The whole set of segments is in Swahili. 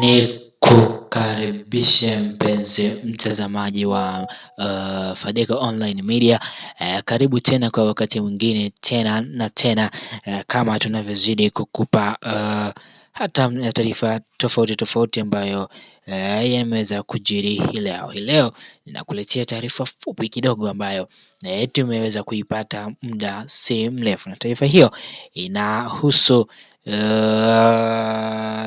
Ni kukaribishe mpenzi mtazamaji wa uh, Fadeco Online Media. Uh, karibu tena kwa wakati mwingine tena na tena uh, kama tunavyozidi kukupa uh, hata ya taarifa tofauti tofauti ambayo eh, yameweza kujiri hii leo. Hii leo ninakuletea taarifa fupi kidogo ambayo eh, tumeweza kuipata muda si mrefu, na taarifa hiyo inahusu uh,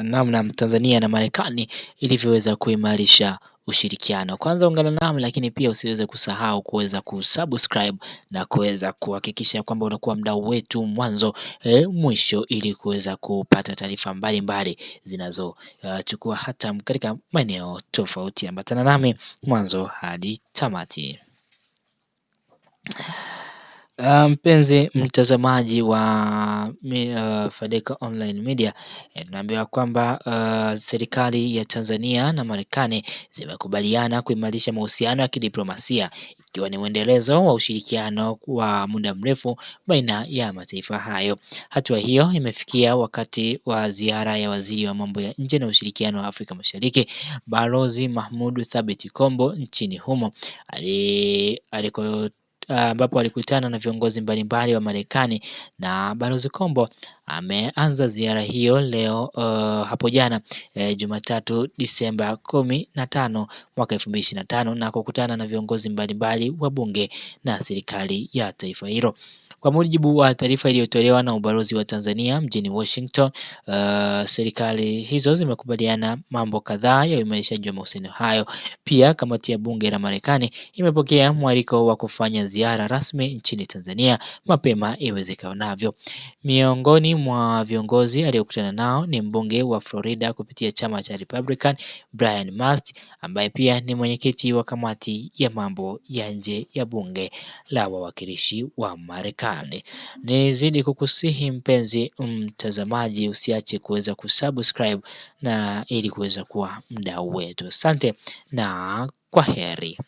namna Tanzania na Marekani ilivyoweza kuimarisha ushirikiano. Kwanza ungana nami, lakini pia usiweze kusahau kuweza kusubscribe na kuweza kuhakikisha kwamba unakuwa mdau wetu mwanzo eh, mwisho ili kuweza kupata taarifa mbalimbali zinazochukua uh, hata katika maeneo tofauti. Ambatana nami mwanzo hadi tamati. Ah, mpenzi mtazamaji wa ah, Fadeco Online Media, tunaambiwa eh, kwamba ah, serikali ya Tanzania na Marekani zimekubaliana kuimarisha mahusiano ya kidiplomasia ikiwa ni uendelezo wa ushirikiano wa muda mrefu baina ya mataifa hayo. Hatua hiyo imefikia wakati wa ziara ya waziri wa mambo ya nje na ushirikiano wa Afrika Mashariki, Balozi mahmudu thabiti Kombo nchini humo ali ambapo alikutana na viongozi mbalimbali wa Marekani na Balozi Kombo ameanza ziara hiyo leo uh, hapo jana eh, Jumatatu Disemba kumi na tano mwaka elfu mbili ishirini na tano na kukutana na viongozi mbalimbali wa bunge na serikali ya taifa hilo. Kwa mujibu wa taarifa iliyotolewa na ubalozi wa Tanzania mjini Washington, uh, serikali hizo zimekubaliana mambo kadhaa ya uimarishaji wa mahusiano hayo. Pia kamati ya bunge la Marekani imepokea mwaliko wa kufanya ziara rasmi nchini Tanzania mapema iwezekanavyo. Miongoni mwa viongozi aliyokutana nao ni mbunge wa Florida kupitia chama cha Republican, Brian Mast ambaye pia ni mwenyekiti wa kamati ya mambo ya nje ya bunge la wawakilishi wa Marekani burudani. Nizidi kukusihi mpenzi mtazamaji, usiache kuweza kusubscribe na ili kuweza kuwa mdau wetu. Asante na kwa heri.